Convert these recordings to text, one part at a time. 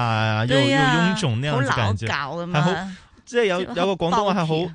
係啊，又啊又臃腫呢樣子感覺，係好，好，即係有有個廣東話、啊、係好。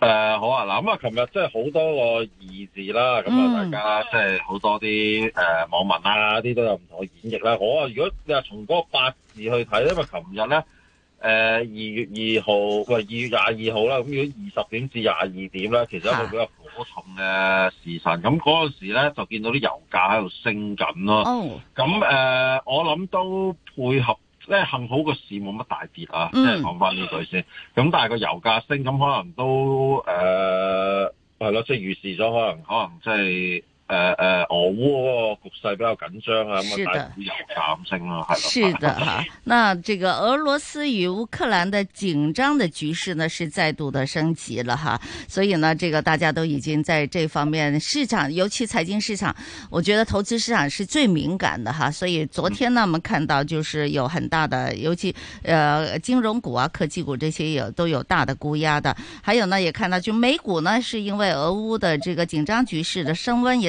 誒、呃，好啊，嗱咁啊，琴日即係好多個二字啦，咁、呃、啊，大家即係好多啲誒網民啊，啲都有唔同嘅演繹啦。我啊，如果你話從嗰個八字去睇，因為琴日咧，誒、呃、二月二號，唔係二月廿二號啦，咁如果二十點至廿二點咧，其實一個比較火重嘅時辰，咁嗰陣時咧就見到啲油價喺度升緊、啊、咯。咁誒、呃，我諗都配合。即係幸好個市冇乜大跌啊，即係講翻呢句先。咁但係個油價升，咁可能都誒係咯，即係預示咗可能可能即係。呃呃，俄烏局勢比較緊張啊，是的，股有股性啊。是的，是的 哈，那這個俄羅斯與烏克蘭的緊張的局勢呢，是再度的升級了，哈。所以呢，這個大家都已經在這方面市場，尤其財經市場，我覺得投資市場是最敏感的，哈。所以昨天呢、嗯，我們看到就是有很大的，尤其，呃金融股啊、科技股這些有都有大的估壓的，還有呢，也看到就美股呢，是因為俄烏的這個緊張局勢的升溫也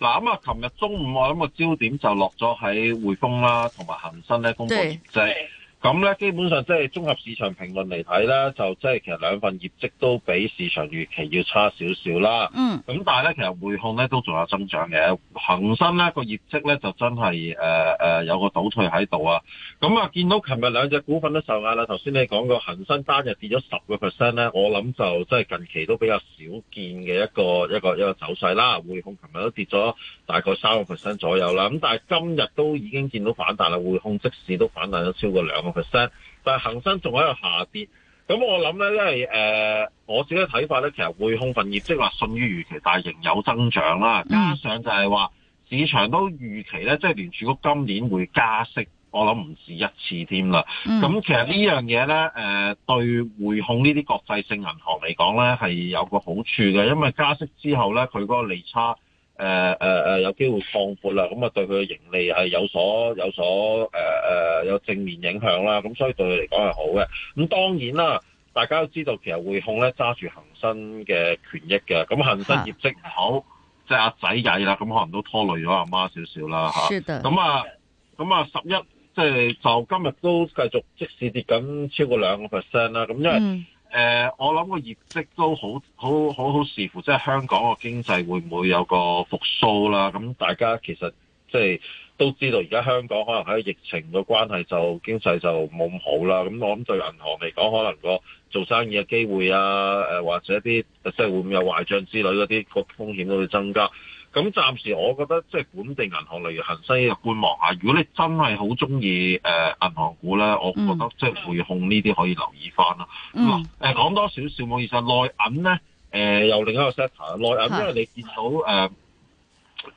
嗱咁啊，琴日中午我諗個焦點就落咗喺匯豐啦，同埋恒生咧公布業績。對咁咧，基本上即係綜合市場評論嚟睇咧，就即係其實兩份業績都比市場預期要差少少啦。嗯。咁但係咧，其實匯控咧都仲有增長嘅。恒生咧個業績咧就真係誒、呃呃、有個倒退喺度啊。咁啊，見到琴日兩隻股份都受壓啦。頭先你講個恒生單日跌咗十個 percent 咧，我諗就即係近期都比較少見嘅一個一個一個走勢啦。匯控琴日都跌咗大概三個 percent 左右啦。咁但係今日都已經見到反彈啦。匯控即使都反彈咗超過兩個。但係恒生仲喺度下跌。咁我諗咧，因為誒、呃，我自己嘅睇法咧，其實匯控份業績話遜於預期，但係仍有增長啦。加上就係話市場都預期咧，即係聯儲局今年會加息，我諗唔止一次添啦。咁其實呢樣嘢咧，誒、呃，對匯控呢啲國際性銀行嚟講咧，係有個好處嘅，因為加息之後咧，佢嗰個利差。誒誒誒，有機會擴闊啦，咁、嗯、啊、嗯、對佢嘅盈利係有所有所，誒有、呃呃呃、有正面影響啦，咁、嗯、所以對佢嚟講係好嘅。咁、嗯、當然啦，大家都知道其實匯控咧揸住恒生嘅權益嘅，咁、嗯、恒生業績唔好，即係阿仔曳啦，咁可能都拖累咗阿媽少少啦嚇，咁啊，咁啊十一，即、就、係、是、就今日都繼續即時跌緊超過兩個 percent 啦。咁因為誒、呃，我諗個業績都好好好好視乎，即係香港個經濟會唔會有個復甦啦？咁大家其實即係都知道，而家香港可能喺疫情個關係，就經濟就冇咁好啦。咁我諗對銀行嚟講，可能個做生意嘅機會啊，誒或者啲即係會唔會有壞帳之類嗰啲個風險都會增加。咁暫時我覺得即係本地銀行例如恒西，嘅觀望下。如果你真係好中意誒銀行股咧，我覺得、嗯、即係匯控呢啲可以留意翻啦。咁、嗯、啊講多少少，冇意思內內銀咧誒、呃、又另一個 sector。內銀因為你見到誒誒、呃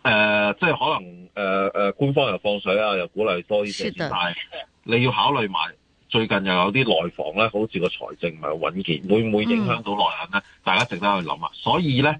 呃、即係可能誒、呃、官方又放水啊，又鼓勵多啲借錢，但係你要考慮埋最近又有啲內房咧，好似個財政唔係穩健，會唔會影響到內銀咧、嗯？大家值得去諗啊！所以咧。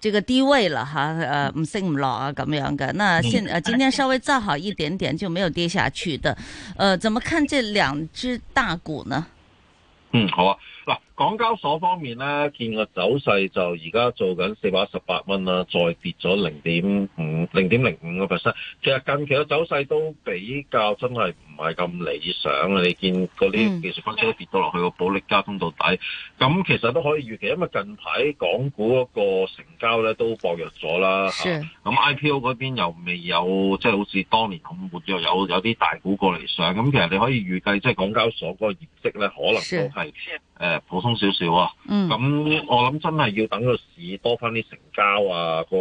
這個低位了哈，唔升唔落啊咁、啊、樣嘅，那現啊今天稍微造好一點點，就沒有跌下去的，呃，怎麼看這兩隻大股呢？嗯，好啊，嗱，港交所方面呢，見個走勢就而家做緊四百一十八蚊啦，再跌咗零點五零點零五個 percent，其實近期嘅走勢都比較真係。唔係咁理想，你見嗰啲技術分析都跌到落去個保力加通道底，咁、嗯、其實都可以預期，因為近排港股嗰個成交咧都薄弱咗啦。咁 IPO 嗰邊又未有，即、就、係、是、好似當年咁活躍，有有啲大股過嚟上。咁其實你可以預計，即、就、係、是、港交所嗰個業績咧，可能都係誒普通少少啊。咁、嗯、我諗真係要等個市多翻啲成交啊個。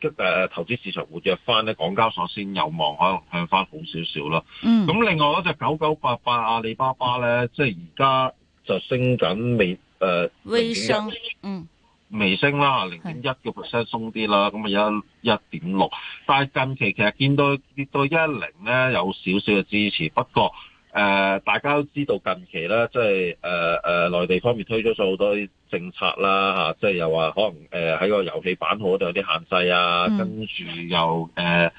即、啊、投資市場活躍翻咧，港交所先有望可能向翻好少少咯。嗯，咁另外嗰隻九九八八阿里巴巴咧，即係而家就升緊，未誒零點一，嗯，微升啦，零點一個 percent 鬆啲啦，咁啊一一點六，1, 1，但係近期其實見到跌到一零咧，有少少嘅支持，不過。誒、呃，大家都知道近期咧，即係誒誒，內、呃呃、地方面推咗咗好多啲政策啦，吓、啊，即係又話可能誒喺、呃、個遊戲版號度有啲限制啊，嗯、跟住又誒誒，譬如、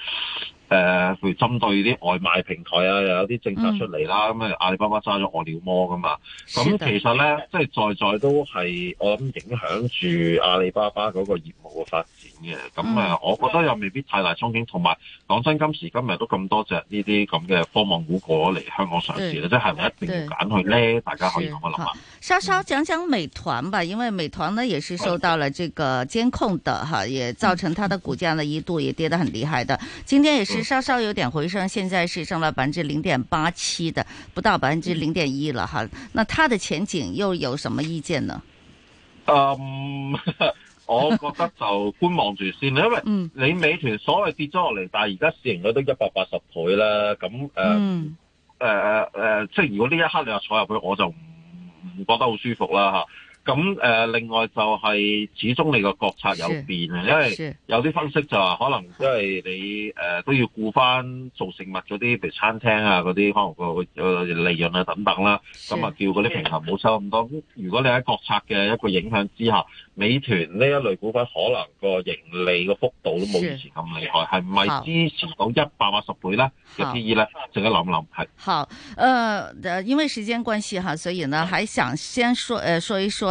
呃、針、呃、對啲外賣平台啊，又有啲政策出嚟啦。咁、嗯、啊，阿里巴巴了了在在阿里巴巴生咗餓了麼噶嘛，咁其實咧，即係在在都係我諗影響住阿里巴巴嗰個業務嘅發展。咁啊、嗯，我覺得又未必太大憧憬，同埋講真，今時今日都咁多隻呢啲咁嘅科網股過嚟香港上市咧，即係唔一定要揀佢呢？大家可以咁嘅諗法。稍稍講講美團吧，因為美團呢也是受到了這個監控的哈、嗯，也造成它的股價呢一度也跌得很厲害的。今天也是稍稍有點回升，嗯、現在是升了百分之零點八七的，不到百分之零點一了哈、嗯。那它的前景又有什麼意見呢？嗯。 我覺得就觀望住先，因為你美團所謂跌咗落嚟，但係而家市盈率都一百八十倍啦。咁誒誒誒誒，即係如果呢一刻你又坐入去，我就唔唔覺得好舒服啦嚇。咁誒、呃，另外就係始終你個國策有變啊，因為有啲分析就話可,、呃啊、可能，因為你誒都要顧翻做食物嗰啲，譬如餐廳啊嗰啲可能個利潤啊等等啦，咁啊叫嗰啲平衡冇收咁多。如果你喺國策嘅一個影響之下，美團呢一類股份可能個盈利嘅幅度都冇以前咁厲害，係唔係支持到一百八十倍咧嘅 P E 咧？陣間諗諗係？好，誒、呃，因為時間關係所以呢，還想先說誒、呃，說一說。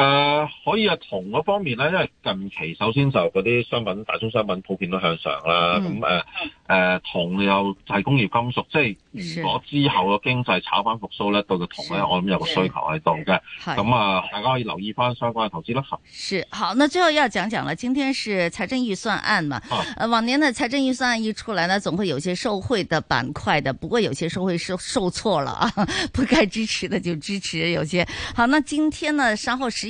誒、呃，可以啊。銅嗰方面咧，因為近期首先就嗰啲商品，大宗商品普遍都向上啦。咁誒誒，銅又係工業金屬，是即係如果之後嘅經濟炒翻復甦咧，對個銅咧，我諗有個需求喺度嘅。咁啊、嗯嗯，大家可以留意翻相關嘅投資啦。是好，那最後要講講啦，今天是財政預算案嘛。啊啊、往年的財政預算案一出來呢，總會有些受惠的板塊的，不過有些受惠受受錯了啊，不該支持的就支持，有些好。那今天呢，稍後十。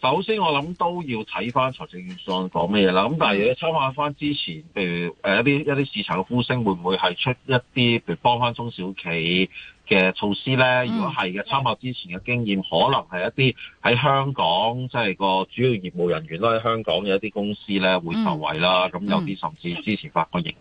首先我諗都要睇翻財政預算案講咩嘢啦，咁但係參考翻之前，譬如誒一啲一啲市場嘅呼聲，會唔會係出一啲譬如幫翻中小企嘅措施咧？如果係嘅，參考之前嘅經驗，可能係一啲喺香港即係、就是、個主要業務人員都喺香港嘅一啲公司咧會受惠啦。咁、嗯、有啲甚至之前發過營。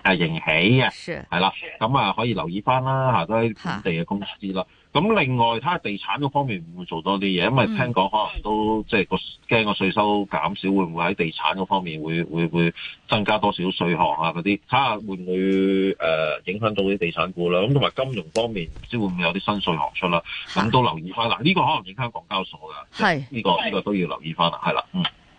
係、啊、迎起嘅、啊，係啦，咁啊可以留意翻啦，吓都係本地嘅公司啦。咁另外睇下地產嗰方面唔會，會做多啲嘢、嗯，因為聽講可能都即係個驚個稅收減少，會唔會喺地產嗰方面會會會，會增加多少稅項啊？嗰啲睇下會唔會誒、呃、影響到啲地產股啦？咁同埋金融方面，唔知會唔會有啲新稅項出啦？咁都留意翻啦呢、這個可能影響港交所嘅，呢、這個呢、這個都要留意翻啦，係啦，嗯。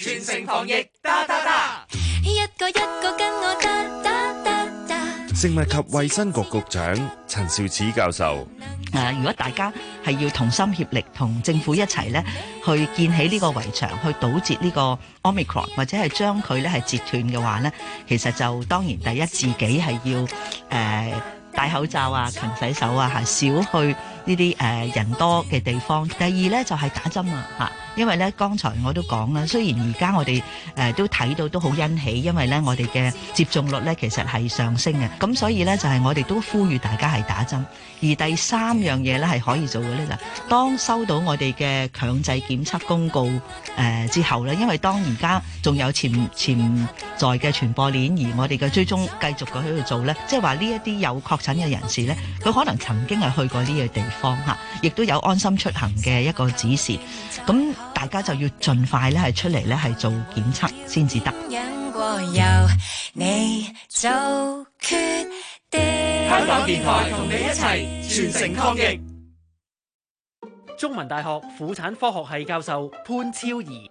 全城防疫，噠噠噠！一個一個跟我噠噠噠！食物及衛生局局長陳肇始教授，呃，如果大家係要同心協力，同政府一齊咧，去建起呢個圍牆，去堵截呢個 omicron，或者係將佢咧係截斷嘅話咧，其實就當然第一自己係要誒、呃、戴口罩啊，勤洗手啊，少去。呢啲誒人多嘅地方，第二呢就係、是、打針啊吓，因為呢剛才我都講啦，雖然而家我哋誒、呃、都睇到都好欣喜，因為呢我哋嘅接種率呢其實係上升嘅，咁所以呢就係、是、我哋都呼籲大家係打針，而第三樣嘢呢係可以做嘅呢就是，當收到我哋嘅強制檢測公告誒、呃、之後呢，因為當而家仲有潛潛在嘅傳播鏈，而我哋嘅追蹤繼續嘅喺度做呢，即係話呢一啲有確診嘅人士呢，佢可能曾經係去過呢個地方。方嚇，亦都有安心出行嘅一個指示，咁大家就要盡快咧係出嚟咧係做檢測先至得。香港電台同你一齊全城抗疫。中文大學婦產科學系教授潘超怡，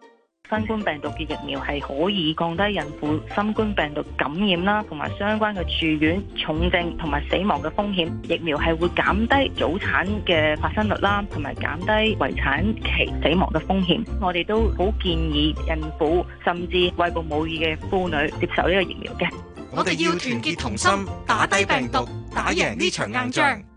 新冠病毒嘅疫苗係可以降低孕婦新冠病毒感染啦，同埋相關嘅住院、重症同埋死亡嘅風險。疫苗係會減低早產嘅發生率啦，同埋減低圍產期死亡嘅風險。我哋都好建議孕婦甚至餵哺母乳嘅婦女接受呢個疫苗嘅。我哋要團結同心，打低病毒，打贏呢場硬仗。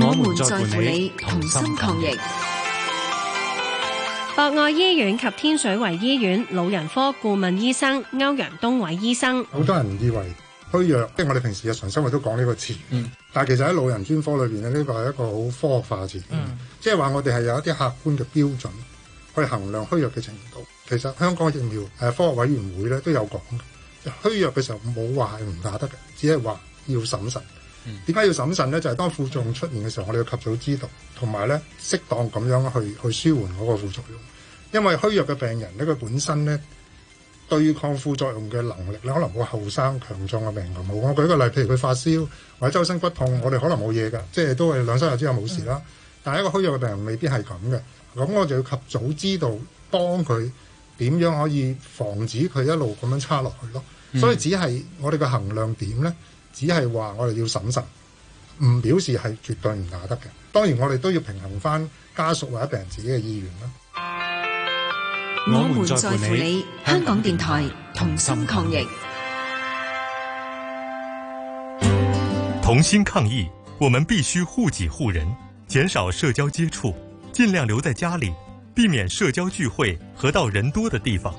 我們在乎你，同心抗疫。博愛醫院及天水圍醫院老人科顧問醫生歐陽東偉醫生。好多人以為虛弱，即係我哋平時日常生活都講呢個詞。嗯。但係其實喺老人專科裏邊咧，呢個係一個好科學化嘅詞。嗯。即係話我哋係有一啲客觀嘅標準去衡量虛弱嘅程度。其實香港疫苗誒科學委員會咧都有講嘅。虛弱嘅時候冇話係唔打得嘅，只係話要審慎。點解要審慎咧？就係、是、當副作用出現嘅時候，我哋要及早知道，同埋咧適當咁樣去去舒緩嗰個副作用。因為虛弱嘅病人，呢佢本身咧對抗副作用嘅能力咧，可能冇後生強壯嘅病人咁好。咁我舉個例，譬如佢發燒或者周身骨痛，我哋可能冇嘢㗎，即係都係兩三日之後冇事啦、嗯。但係一個虛弱嘅病人未必係咁嘅，咁我就要及早知道幫，幫佢點樣可以防止佢一路咁樣差落去咯。所以只係我哋嘅衡量點咧。只係話我哋要審慎，唔表示係絕對唔打得嘅。當然我哋都要平衡返家屬或者病人自己嘅意願啦。我們在乎你，香港電台同心抗疫。同心抗疫，抗疫我們必須護己護人，減少社交接觸，盡量留在家裡，避免社交聚會和到人多的地方。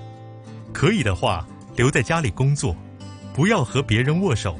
可以的話，留在家裡工作，不要和別人握手。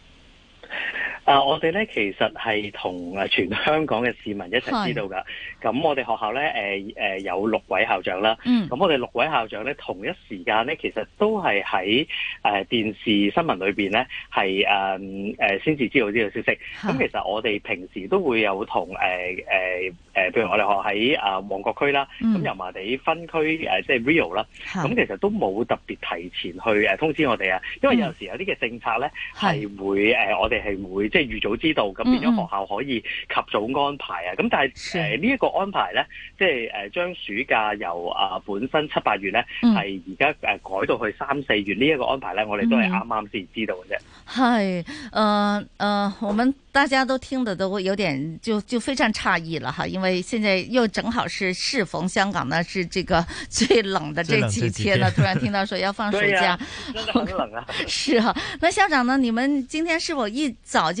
啊！我哋咧其實係同啊全香港嘅市民一齊知道噶。咁我哋學校咧，誒、呃、誒、呃、有六位校長啦。咁、嗯、我哋六位校長咧，同一時間咧，其實都係喺誒電視新聞裏邊咧，係誒誒先至知道呢個消息。咁其實我哋平時都會有同誒誒誒，譬、呃呃、如我哋學校喺啊旺角區啦，咁油麻地分區誒、呃、即係 Rio 啦。咁其實都冇特別提前去誒通知我哋啊，因為有時有啲嘅政策咧係會誒我哋係會。呃即係預早知道，咁變咗學校可以及早安排啊！咁、嗯嗯、但係誒呢一個安排咧，即係誒將暑假由啊、呃、本身七八月咧，係而家誒改到去三四月呢一、這個安排咧，我哋都係啱啱先知道嘅啫。係、呃呃、我們大家都聽得都有點就就非常詫異了哈，因為現在又正好是適逢香港呢，是這個最冷的這幾天啦，最最 突然聽到說要放暑假，啊、真係好冷啊！ 是啊，那校長呢？你們今天是否一早就？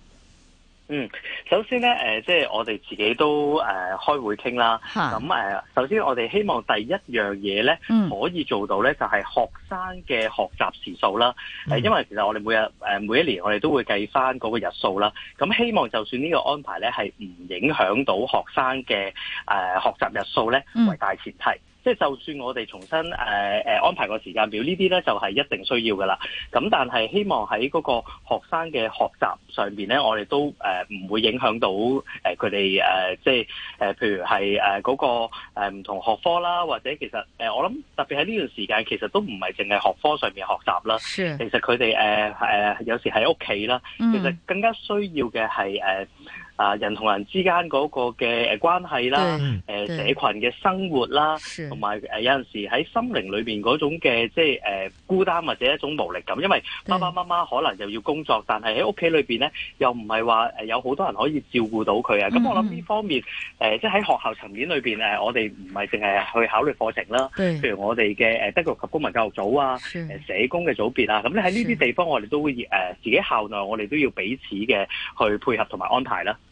嗯，首先咧，誒、呃，即係我哋自己都誒、呃、開會傾啦。咁、啊、誒、呃，首先我哋希望第一樣嘢咧、嗯，可以做到咧，就係、是、學生嘅學習時數啦。呃、因為其實我哋每日、呃、每一年我哋都會計返嗰個日數啦。咁希望就算呢個安排咧，係唔影響到學生嘅誒、呃、學習日數咧，為大前提。嗯即係就算我哋重新誒、呃、安排個時間表，呢啲咧就係一定需要噶啦。咁但係希望喺嗰個學生嘅學習上面咧，我哋都誒唔、呃、會影響到誒佢哋誒，即係誒、呃，譬如係誒嗰個唔、呃、同學科啦，或者其實誒、呃、我諗特別喺呢段時間，其實都唔係淨係學科上面學習啦。其實佢哋誒有時喺屋企啦、嗯，其實更加需要嘅係誒。呃啊！人同人之間嗰個嘅誒關係啦，誒社群嘅生活啦，同埋有陣時喺心靈裏面嗰種嘅即係誒孤單或者一種無力感，因為媽媽媽媽可能又要工作，但係喺屋企裏面咧又唔係話有好多人可以照顧到佢啊。咁我諗呢方面誒、嗯呃，即係喺學校層面裏面，誒，我哋唔係淨係去考慮課程啦，譬如我哋嘅德育及公民教育組啊，呃、社工嘅組別啊，咁咧喺呢啲地方我哋都會誒、呃、自己校內我哋都要彼此嘅去配合同埋安排啦。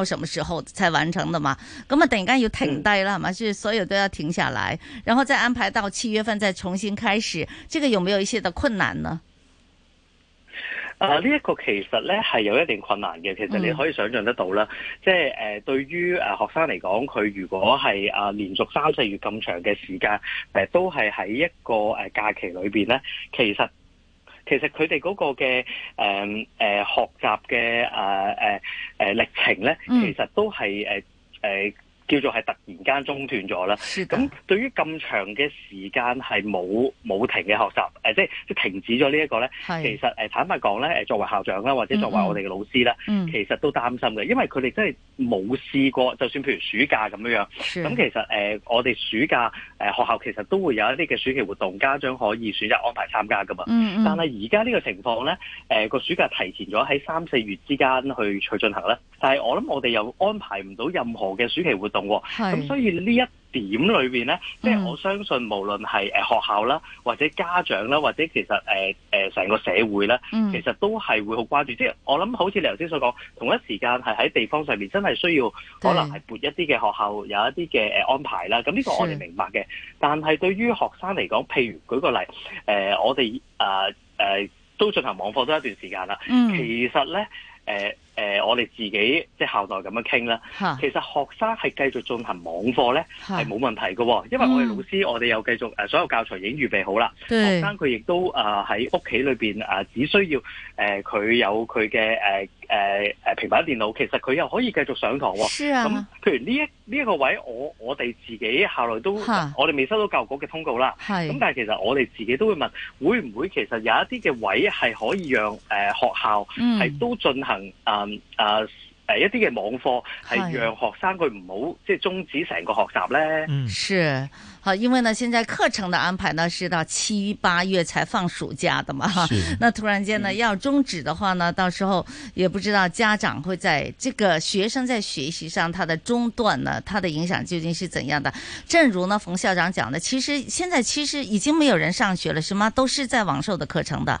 到什麼時候才完成的嘛？咁啊，突然間要停低啦嘛，即、嗯就是、所有都要停下來，然後再安排到七月份再重新開始。這個有沒有一些的困難呢？嗯、啊，呢、這、一個其實咧係有一定困難嘅，其實你可以想象得到啦。即係誒，對於誒學生嚟講，佢如果係啊連續三四月咁長嘅時間，誒都係喺一個誒假期裏邊咧，其實。其實他們那，佢哋嗰個嘅誒誒學習嘅誒誒誒歷程咧，其實都係誒誒。啊啊叫做係突然間中斷咗啦。咁對於咁長嘅時間，係冇冇停嘅學習，誒即係即係停止咗呢一個咧，其實誒、呃、坦白講咧，誒作為校長啦，或者作為我哋嘅老師啦、嗯嗯，其實都擔心嘅，因為佢哋真係冇試過，就算譬如暑假咁樣樣，咁其實誒、呃、我哋暑假誒、呃、學校其實都會有一啲嘅暑期活動，家長可以選擇安排參加噶嘛。嗯嗯，但係而家呢個情況咧，誒、呃、個暑假提前咗喺三四月之間去去進行咧，但係我諗我哋又安排唔到任何嘅暑期活動。咁所以呢一點裏邊呢，即、就、係、是、我相信無論係誒學校啦、嗯，或者家長啦，或者其實誒誒成個社會咧、嗯，其實都係會好關注。即、就、係、是、我諗好似你頭先所講，同一時間係喺地方上面真係需要可能係撥一啲嘅學校有一啲嘅安排啦。咁呢個我哋明白嘅，但係對於學生嚟講，譬如舉個例，誒、呃、我哋啊誒都進行網課都一段時間啦、嗯。其實呢。誒、呃。誒、呃，我哋自己即係校內咁樣傾啦。其實學生係繼續進行網課咧，係冇問題嘅、哦。因為我哋老師、嗯、我哋有繼續誒、呃、所有教材已經預備好啦。學生佢亦都誒喺屋企裏邊誒、呃、只需要誒佢、呃、有佢嘅誒誒誒平板電腦，其實佢又可以繼續上堂、哦。咁、啊嗯、譬如呢一呢一，這個位，我我哋自己校內都，呃、我哋未收到教育局嘅通告啦。咁但係其實我哋自己都會問會唔會其實有一啲嘅位係可以讓誒、呃、學校係都進行誒。嗯嗯、啊，誒，一啲嘅網課係讓學生佢唔好即係終止成個學習咧。嗯，是，好，因為呢，現在課程的安排呢，是到七八月才放暑假的嘛。那突然間呢，要終止的話呢，到時候也不知道家長會在這個學生在學習上他的中斷呢，他的影響究竟是怎樣的？正如呢，馮校長講的，其實現在其實已經沒有人上學了，什麼都是在網授的課程的。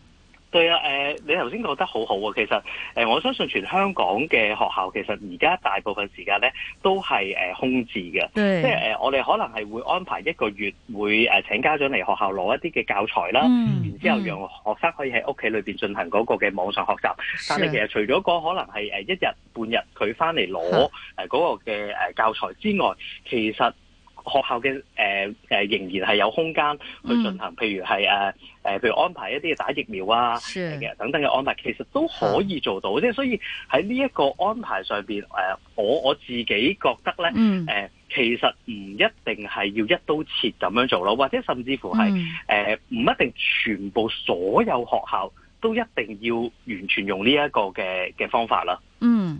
對啊，誒、呃，你頭先講得好好、啊、喎。其實，誒、呃，我相信全香港嘅學校其實而家大部分時間咧都係誒、呃、空置嘅，即係誒、呃、我哋可能係會安排一個月會誒請家長嚟學校攞一啲嘅教材啦，嗯、然之後讓學生可以喺屋企裏邊進行嗰個嘅網上學習。但係其實除咗個可能係誒一日半日佢返嚟攞誒嗰個嘅誒教材之外，其實。學校嘅誒、呃、仍然係有空間去進行，嗯、譬如係誒誒，譬如安排一啲嘅打疫苗啊，等等嘅安排，其實都可以做到。即係所以喺呢一個安排上面，呃、我我自己覺得咧、嗯呃、其實唔一定係要一刀切咁樣做咯，或者甚至乎係、嗯呃、唔一定全部所有學校都一定要完全用呢一個嘅嘅方法啦。嗯。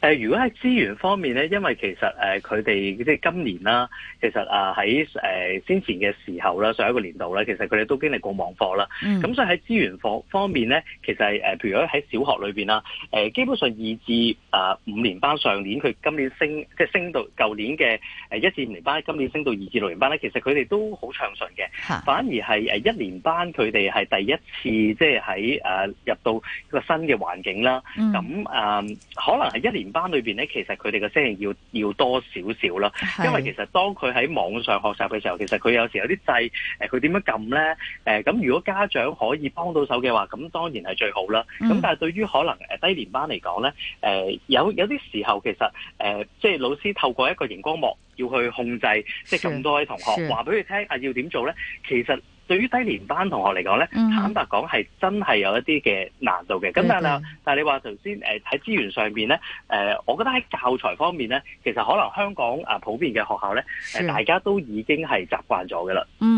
誒，如果喺資源方面咧，因為其實誒佢哋即係今年啦，其實啊喺誒先前嘅時候啦，上一個年度咧，其實佢哋都經歷過網課啦。咁、嗯、所以喺資源方面咧，其實誒，譬如喺喺小學裏面啦，誒基本上二至啊五年班，上年佢今年升即係升到舊年嘅誒一至五年班，今年升到二至六年班咧，其實佢哋都好暢順嘅。反而係誒一年班佢哋係第一次即係喺誒入到一個新嘅環境啦。咁、嗯、啊可能係一年。班裏邊咧，其實佢哋個聲要要多少少啦，因為其實當佢喺網上學習嘅時候，其實佢有時有啲掣，誒，佢點樣撳咧？誒，咁如果家長可以幫到手嘅話，咁當然係最好啦。咁但係對於可能誒低年班嚟講咧，誒、嗯呃、有有啲時候其實誒，即、呃、係、就是、老師透過一個熒光幕要去控制，即係咁多位同學話俾佢聽啊，要點做咧？其實。對於低年班同學嚟講咧，坦白講係真係有一啲嘅難度嘅。咁、嗯、但係、嗯、但係你話頭先誒喺資源上面咧、呃、我覺得喺教材方面咧，其實可能香港啊、呃、普遍嘅學校咧，大家都已經係習慣咗嘅啦。嗯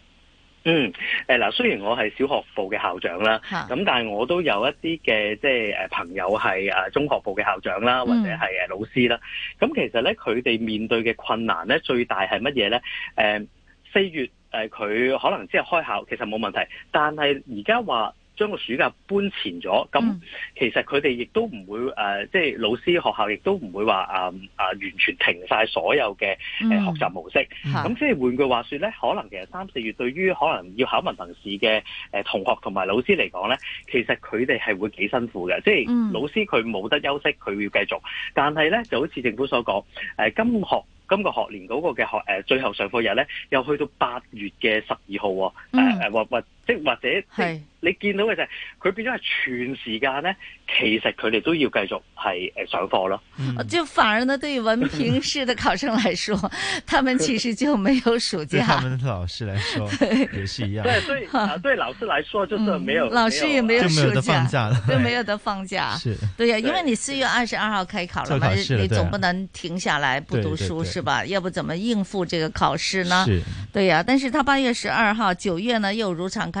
嗯，誒嗱，雖然我係小學部嘅校長啦，咁但係我都有一啲嘅即係誒朋友係啊中學部嘅校長啦，或者係老師啦，咁、嗯、其實咧佢哋面對嘅困難咧最大係乜嘢咧？誒四月誒佢可能即係開校，其實冇問題，但係而家話。將個暑假搬前咗，咁其實佢哋亦都唔會即係、嗯啊即係、老師學校亦都唔會話誒、啊啊、完全停晒所有嘅學習模式。咁即係換句話說咧，可能其實三四月對於可能要考文憑試嘅同學同埋老師嚟講咧，其實佢哋係會幾辛苦嘅。即、就、係、係、老師佢冇得休息，佢要繼續。但係咧就好似政府所講，啊，今學今個學年嗰個嘅學，啊、最後上課日咧，又去到八月嘅十二號喎。或，嗯、或。啊啊啊啊或者，或者你見到嘅就係，佢變咗係全時間咧，其實佢哋都要繼續係上課咯、嗯。就反而呢對於文憑試的考生來說， 他們其實就沒有暑假。對他們老師來說也是一樣，對，所以老師來說， 是的啊、來說就是沒有、嗯、沒有。老師也沒有暑假，對，就沒有得放假。是，對啊，呀，因為你四月二十二號開考啦嘛，你總不能停下來不讀書，對對對，是吧？要不怎麼應付這個考試呢？對啊，呀。但是他八月十二號、九月呢又如常開。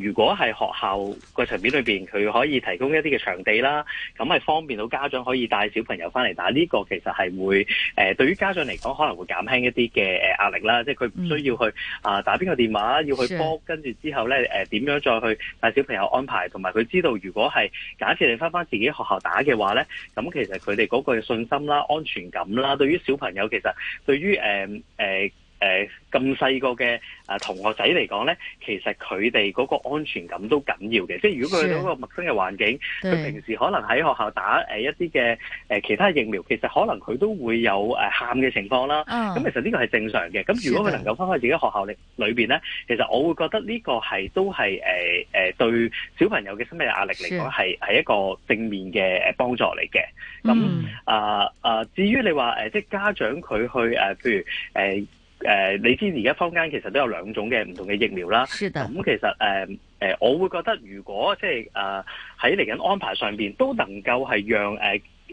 如果係學校個場面裏面，佢可以提供一啲嘅場地啦，咁係方便到家長可以帶小朋友翻嚟打呢、呢個，其實係會誒、呃、對於家長嚟講可能會減輕一啲嘅壓力啦，即係佢唔需要去、嗯、啊打邊個電話，要去 book。跟住之後呢，誒、呃、點樣再去帶小朋友安排，同埋佢知道如果係假設你翻翻自己學校打嘅話呢，咁其實佢哋嗰個信心啦、安全感啦，對於小朋友其實對於誒、呃呃誒咁細個嘅同學仔嚟講咧，其實佢哋嗰個安全感都緊要嘅。即係如果佢去到一個陌生嘅環境，佢平時可能喺學校打、呃、一啲嘅、呃、其他疫苗，其實可能佢都會有喊嘅、呃、情況啦。咁、uh, 其實呢個係正常嘅。咁如果佢能夠翻返自己學校裏面咧，其實我會覺得呢個係都係誒誒對小朋友嘅心理壓力嚟講係係一個正面嘅誒幫助嚟嘅。咁、mm. 啊、嗯呃、至於你話、呃、即係家長佢去誒、呃，譬如、呃誒，你知而家坊間其實都有兩種嘅唔同嘅疫苗啦。是的、嗯。咁其實誒、呃、我會覺得如果即係誒喺嚟緊安排上面，都能夠係讓誒、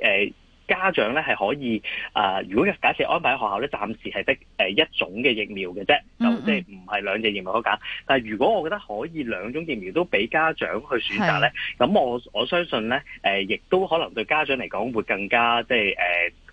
呃、家長咧係可以啊、呃，如果假設安排喺學校咧，暫時係得一種嘅疫苗嘅啫，嗯嗯就即係唔係兩隻疫苗可揀。但係如果我覺得可以兩種疫苗都俾家長去選擇咧，咁我我相信咧誒，亦、呃、都可能對家長嚟講會更加即係誒。呃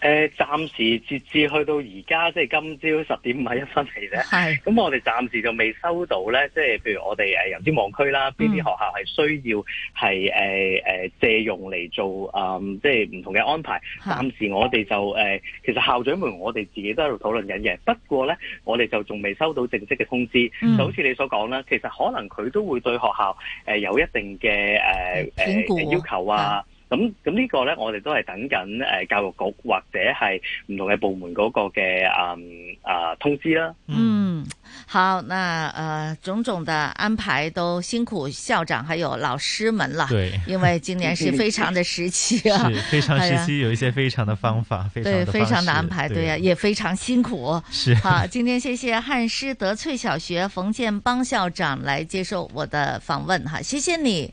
誒、呃，暫時截至去到而家，即係今朝十點五十一分嚟咧。係，咁我哋暫時就未收到咧，即係譬如我哋誒，有啲網區啦，邊啲、嗯、學校係需要係誒誒借用嚟做、呃、即係唔同嘅安排。暫時我哋就誒、呃，其實校長們我哋自己都喺度討論緊嘅。不過咧，我哋就仲未收到正式嘅通知。嗯、就好似你所講啦，其實可能佢都會對學校誒、呃、有一定嘅誒誒要求啊。咁、嗯、咁呢個咧，我哋都係等緊誒，教育局或者係唔同嘅部門嗰個嘅嗯啊通知啦。嗯，好，那呃種種的安排都辛苦校長還有老師們啦。對，因為今年是非常的時期、啊 是，非常時期 啊、有一些非常的方法，非常的，非常的安排，對啊對，也非常辛苦。是、啊，好，今天謝謝漢師德萃小學馮建邦校長來接受我的訪問，哈，謝謝你。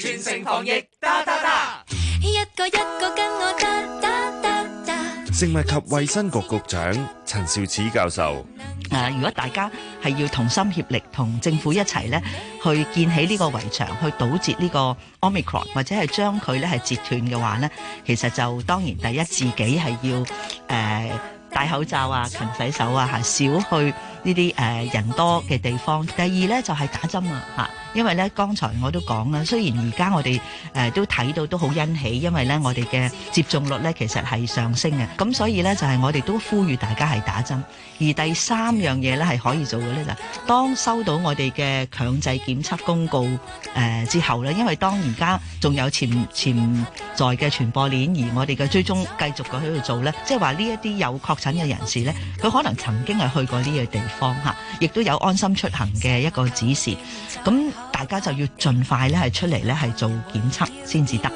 全城防疫，噠噠噠！一個一個跟我噠噠噠噠。食物及衛生局局長陳肇始教授，啊、呃，如果大家係要同心協力，同政府一齊咧，去建起呢個圍牆，去堵截呢個 Omicron，或者係將佢咧係截斷嘅話咧，其實就當然第一自己係要誒、呃、戴口罩啊、勤洗手啊、吓少去呢啲誒人多嘅地方。第二咧就係、是、打針啊，吓。因為咧，剛才我都講啦，雖然而家我哋誒、呃、都睇到都好欣喜，因為咧我哋嘅接種率咧其實係上升嘅，咁所以咧就係、是、我哋都呼籲大家係打針。而第三樣嘢咧係可以做嘅咧就是，當收到我哋嘅強制檢測公告誒、呃、之後咧，因為當而家仲有潛潛在嘅傳播鏈，而我哋嘅追蹤繼續嘅喺度做咧，即係話呢一啲有確診嘅人士咧，佢可能曾經係去過呢個地方嚇，亦都有安心出行嘅一個指示，咁。大家就要盡快咧，係出嚟咧，係做檢測先至得。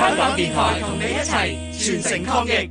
香港電台同你一齊全城抗疫。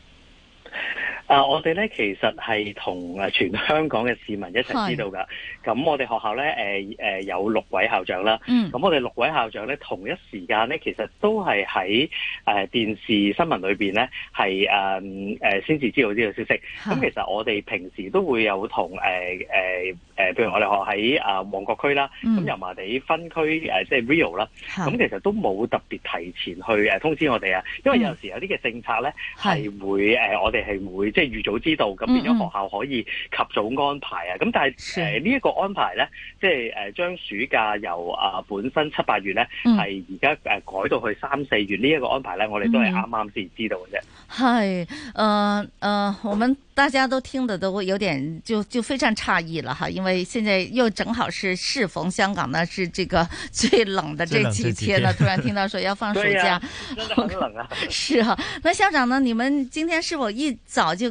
啊！我哋咧其實係同啊全香港嘅市民一齊知道㗎。咁我哋學校咧，誒、呃呃、有六位校長啦。咁、嗯、我哋六位校長咧，同一時間咧，其實都係喺誒電視新聞裏面咧，係誒先至知道呢個消息。咁其實我哋平時都會有同誒誒誒，譬、呃呃、如我哋學校喺啊、呃、旺角區啦，咁油麻地分區即係、呃就是、Rio 啦。咁其實都冇特別提前去誒、呃、通知我哋啊，因為有時候有啲嘅政策咧係、嗯、會、呃、我哋係會即係預早知道，咁變咗學校可以及早安排啊！咁、嗯、但係誒呢一個安排咧，即係誒將暑假由啊本身七八月咧，係而家誒改到去三四月呢一、這個安排咧，我哋都係啱啱先知道嘅啫。係、嗯呃呃、我們大家都聽得都有點就就非常詫異了哈，因為現在又正好是適逢香港呢，是這個最冷的這幾天啦， 突然聽到說要放暑假，真係好冷啊！ 是啊，那校長呢？你們今天是否一早就？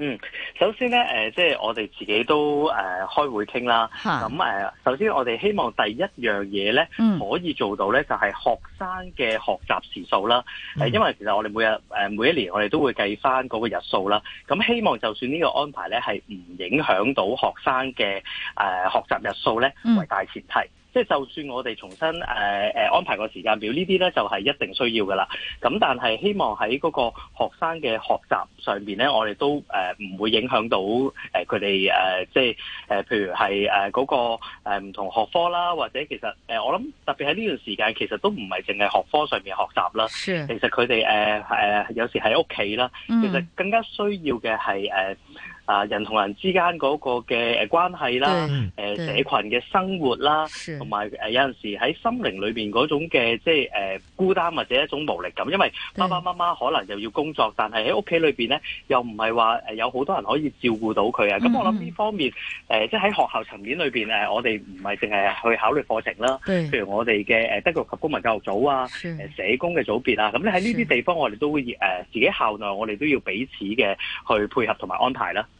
嗯，首先咧，誒、呃，即係我哋自己都誒、呃、開會傾啦。咁誒、呃，首先我哋希望第一樣嘢咧，可以做到咧，就係、是、學生嘅學習時數啦。呃、因為其實我哋每日、呃、每一年我哋都會計返嗰個日數啦。咁希望就算呢個安排咧係唔影響到學生嘅誒、呃、學習日數咧，為大前提。嗯即係就算我哋重新誒、呃、安排個時間表，呢啲咧就係一定需要噶啦。咁但係希望喺嗰個學生嘅學習上面咧，我哋都誒唔、呃、會影響到誒佢哋誒即係誒、呃、譬如係誒嗰個誒唔、呃、同學科啦，或者其實誒、呃、我諗特別喺呢段時間其實都唔係淨係學科上面學習啦。其實佢哋誒誒有時喺屋企啦，其實更加需要嘅係誒。呃啊！人同人之間嗰個嘅誒關係啦，誒社群嘅生活啦，同埋有陣時喺心靈裏面嗰種嘅即係誒孤單或者一種無力感，因為爸爸媽媽可能又要工作，但係喺屋企裏面咧又唔係話有好多人可以照顧到佢啊。咁我諗呢方面誒、嗯呃，即係喺學校層面裏面，誒，我哋唔係淨係去考慮課程啦，譬如我哋嘅德育及公民教育組啊、呃，社工嘅組別啊，咁咧喺呢啲地方我哋都會誒、呃、自己校內我哋都要彼此嘅去配合同埋安排啦。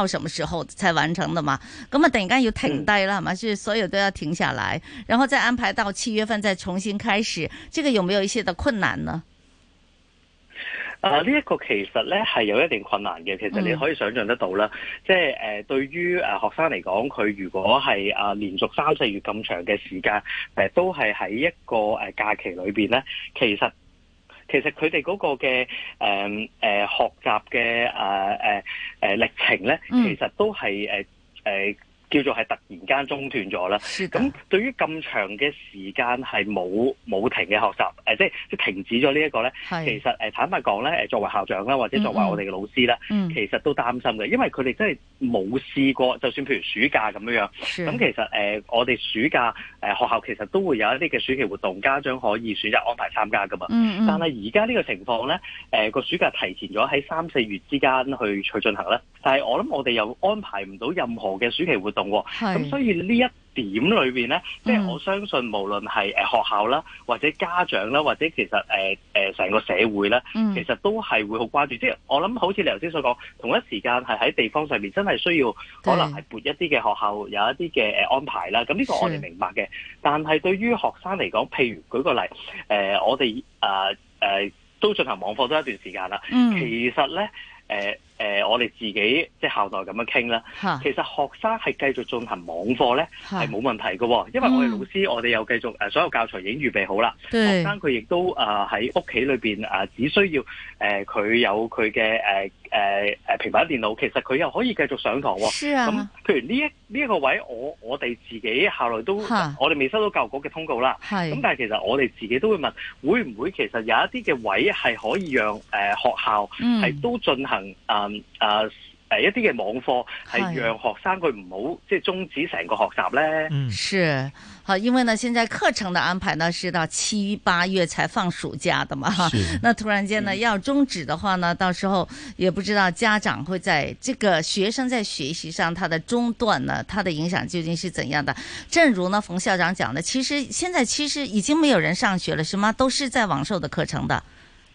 到什麼時候才完成的嘛？咁啊，突然間要停低啦嘛，是、嗯、所以，所有都要停下來，然後再安排到七月份再重新開始，這個有沒有一些的困難呢？啊，呢、這、一個其實咧係有一定困難嘅，其實你可以想象得到啦，即係誒對於誒學生嚟講，佢如果係啊連續三四月咁長嘅時間，誒都係喺一個誒假期裏邊咧，其實。其實佢哋嗰個嘅誒誒學習嘅誒誒誒歷程咧，其實都係誒誒。啊啊叫做係突然間中斷咗啦。咁對於咁長嘅時間係冇冇停嘅學習，即係即停止咗呢一個咧，其實、呃、坦白講咧，作為校長啦，或者作為我哋嘅老師啦，其實都擔心嘅，因為佢哋真係冇試過，就算譬如暑假咁樣，咁其實誒、呃、我哋暑假誒、呃、學校其實都會有一啲嘅暑期活動，家長可以選擇安排參加㗎嘛。但係而家呢個情況咧，誒、呃、個暑假提前咗喺三四月之間去去進行啦。但係我諗我哋又安排唔到任何嘅暑期活動。咁所以呢一點裏邊呢，即、就、係、是、我相信無論係誒學校啦、嗯，或者家長啦，或者其實誒誒成個社會咧、嗯，其實都係會好關注。即、就、係、是、我諗好似你頭先所講，同一時間係喺地方上面真係需要，可能係撥一啲嘅學校有一啲嘅誒安排啦。咁呢個我哋明白嘅，但係對於學生嚟講，譬如舉個例，誒、呃、我哋誒誒都進行網課都一段時間啦、嗯。其實呢。誒、呃。誒、呃，我哋自己即係校內咁樣傾啦。其實學生係繼續進行網課咧，係冇問題嘅、哦。因為我哋老師、嗯、我哋又繼續誒、呃、所有教材已經預備好啦。學生佢亦都誒喺屋企裏邊誒、呃、只需要誒佢、呃、有佢嘅誒誒誒平板電腦，其實佢又可以繼續上堂、哦。咁、啊嗯、譬如呢一呢一、呢個位，我我哋自己校內都，我哋未收到教育局嘅通告啦。咁但係其實我哋自己都會問會唔會其實有一啲嘅位係可以讓誒、呃、學校係都進行誒。嗯呃嗯、啊，誒，一啲嘅網課係讓學生佢唔好即係終止成個學習咧。嗯，是，好，因為呢，現在課程的安排呢，是到七八月才放暑假的嘛。那突然間呢，嗯、要終止的話呢，到時候也不知道家長會在這個學生在學習上他的中斷呢，他的影響究竟是怎樣的。正如呢，馮校長講的，其實現在其實已經沒有人上學了，什麼都是在網授的課程的。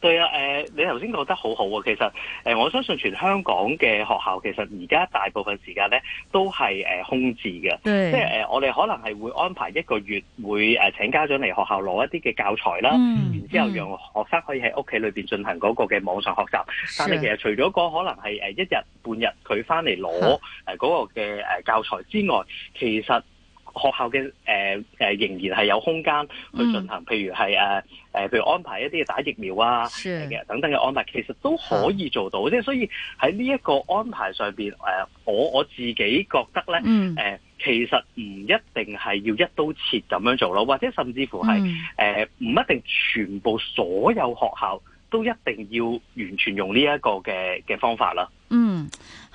對啊，誒、呃，你頭先講得好好、啊、喎。其實，誒、呃，我相信全香港嘅學校其實而家大部分時間咧都係誒、呃、空置嘅，即係誒、呃、我哋可能係會安排一個月會誒請家長嚟學校攞一啲嘅教材啦，嗯、然之後讓學生可以喺屋企裏邊進行嗰個嘅網上學習，嗯、但係其實除咗個可能係誒一日半日佢返嚟攞誒嗰個嘅誒教材之外，其實。學校嘅、呃、仍然係有空間去進行，嗯、譬如係、呃、譬如安排一啲嘅打疫苗啊，等等嘅安排，其實都可以做到。即係所以喺呢一個安排上面，呃、我我自己覺得咧、嗯呃，其實唔一定係要一刀切咁樣做咯，或者甚至乎係、嗯呃、唔一定全部所有學校都一定要完全用呢一個嘅嘅方法啦。嗯。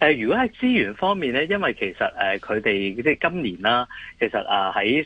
誒，如果喺資源方面咧，因為其實誒佢哋即係今年啦，其實啊喺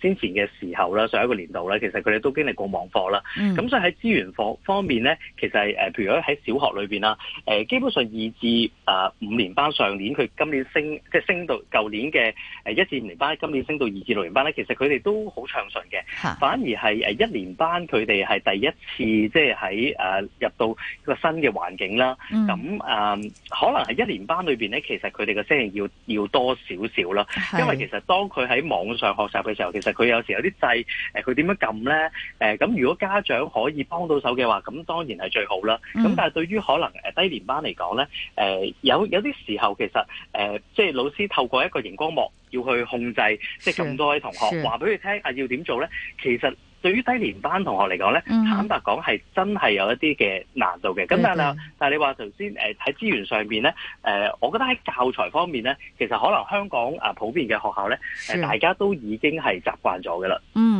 先前嘅時候啦，上一個年度咧，其實佢哋都經歷過網課啦。咁、嗯、所以喺資源方面咧，其實誒，譬如喺小學裏面啦，誒基本上二至五年班上年佢今年升，即係升到舊年嘅一至五年班，今年升到二至六年班咧，其實佢哋都好暢順嘅。反而係一年班佢哋係第一次即係喺誒入到一個新嘅環境啦。咁、嗯、誒可能係一年班裏邊咧，其實佢哋嘅聲音要要多少少啦，因為其實當佢喺網上學習嘅時候，其實佢有時有啲掣，誒，佢點樣撳咧？誒，咁如果家長可以幫到手嘅話，咁當然係最好啦。咁但係對於可能誒低年班嚟講咧，誒、嗯呃、有有啲時候其實誒，即、呃、係、就是、老師透過一個熒光幕要去控制，即係咁多位同學話俾佢聽啊，要點做咧？其實。對於低年班同學嚟講咧，坦白講係真係有一啲嘅難度嘅。咁、嗯、但係但係你話頭先誒喺資源上邊咧，誒、呃、我覺得喺教材方面咧，其實可能香港啊、呃、普遍嘅學校咧，誒、呃、大家都已經係習慣咗嘅啦。嗯。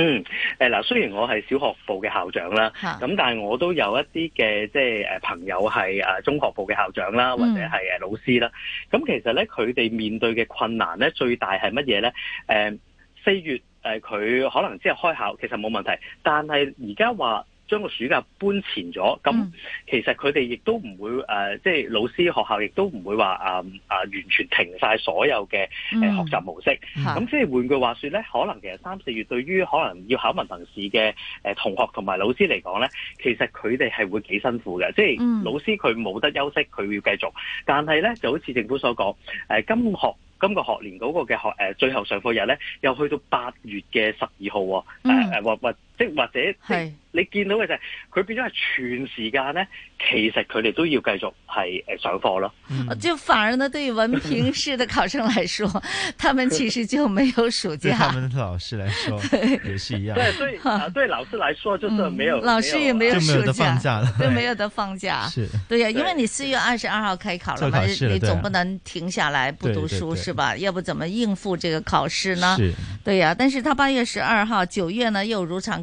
嗯，誒嗱，雖然我係小學部嘅校長啦，咁但係我都有一啲嘅即係誒朋友係誒中學部嘅校長啦，或者係誒老師啦。咁、嗯、其實咧，佢哋面對嘅困難咧，最大係乜嘢咧？誒四月誒佢可能即係開校，其實冇問題，但係而家話。將個暑假搬前咗，咁其實佢哋亦都唔會即係、嗯啊即係、老師學校亦都唔會話啊啊完全停晒所有嘅學習模式。咁即係換句話說咧，可能其實三四月對於可能要考文憑試嘅同學同埋老師嚟講咧，其實佢哋係會幾辛苦嘅。即、就、係、是、老師佢冇得休息，佢要繼續。但係咧就好似政府所講、啊，今學今個學年嗰個嘅學最後上課日咧，又去到八月嘅十二號。喎、嗯。或、啊、或。啊啊啊或者係你見到嘅就係佢變咗係全時間呢。其實佢哋都要繼續係誒上課咯。嗯、就反而呢對文憑試嘅考生來說， 他們其實就沒有暑假。他們老師來說， 也是一樣。對對，對老師來說就是沒有、 嗯、沒有，老師也沒有暑、啊、假，就沒有得放假。是，對呀、啊，因為你四月二十二號開考啦嘛，你總不能停下來不讀書，對對對是吧？要不怎麼應付這個考試呢？是，對呀、啊。但是他八月十二號、九月呢又如常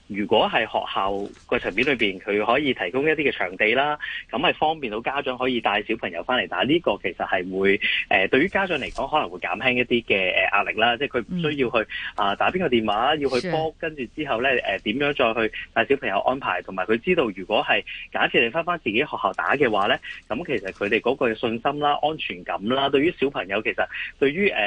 如果係學校個場面裏面，佢可以提供一啲嘅場地啦，咁係方便到家長可以帶小朋友翻嚟打呢、呢個，其實係會誒、呃、對於家長嚟講可能會減輕一啲嘅誒壓力啦，嗯、即係佢唔需要去啊打邊個電話，要去波。跟住之後呢，誒、呃、點樣再去帶小朋友安排，同埋佢知道如果係假設你翻翻自己學校打嘅話呢，咁其實佢哋嗰個信心啦、安全感啦，對於小朋友其實對於誒、呃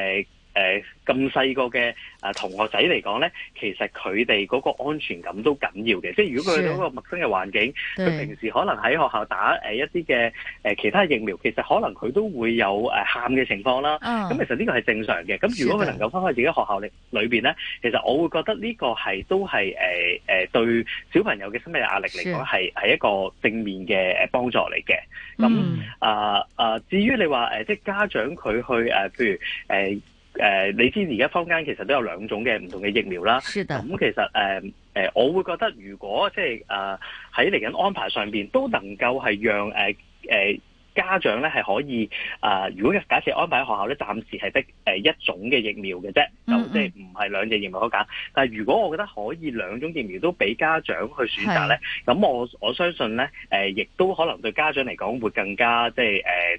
呃誒、呃，咁細個嘅誒同學仔嚟講咧，其實佢哋嗰個安全感都緊要嘅。即係如果佢去到一個陌生嘅環境，佢平時可能喺學校打誒、呃、一啲嘅誒其他疫苗，其實可能佢都會有誒喊嘅情況啦。咁、uh, 其實呢個係正常嘅。咁如果佢能夠翻翻自己學校裏面邊咧，其實我會覺得呢個係都係誒誒對小朋友嘅心理壓力嚟講係係一個正面嘅誒幫助嚟嘅。咁、mm. 啊、嗯呃、至於你話誒、呃，即係家長佢去誒、呃，譬如誒。呃誒、呃，你知而家坊間其實都有兩種嘅唔同嘅疫苗啦。是的。咁、嗯、其實誒誒、呃，我會覺得如果即係誒喺嚟緊安排上面都能夠係讓誒誒、呃、家長咧係可以誒、呃，如果假設安排喺學校咧，暫時係得誒、呃、一種嘅疫苗嘅啫，就即係唔係兩隻疫苗可揀。但係如果我覺得可以兩種疫苗都俾家長去選擇咧，咁我我相信咧，誒、呃、亦都可能對家長嚟講會更加即係誒。呃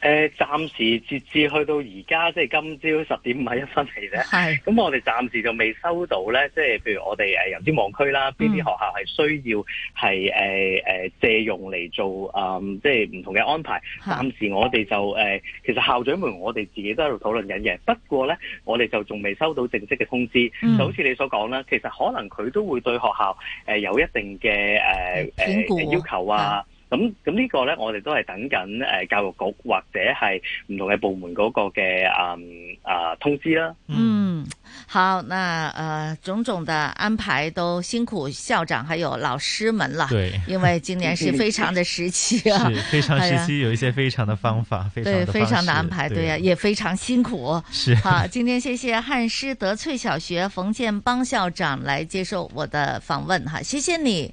誒、呃，暫時截至去到而家，即係今朝十點五十一分嚟咧。係，咁我哋暫時就未收到咧，即係譬如我哋誒，有啲網區啦，邊啲學校係需要係誒誒借用嚟做誒，即係唔同嘅安排。暫時我哋就誒，其實校長們我哋自己都喺度討論緊嘅。不過咧，我哋就仲未收到正式嘅通知。就好似你所講啦，其實可能佢都會對學校誒、呃、有一定嘅誒誒要求啊。咁咁呢個呢，我哋都係等緊誒，教育局或者係唔同嘅部門嗰個嘅嗯啊通知啦。嗯，好，那呃種種的安排都辛苦校長還有老師們啦。對，因為今年是非常的時期啊，是非常時期有一些非常的方法，啊非常的方啊，非常的安排，對啊，也非常辛苦。是，好，今天謝謝漢師德萃小學馮建邦校長來接受我的訪問，哈、啊，謝謝你。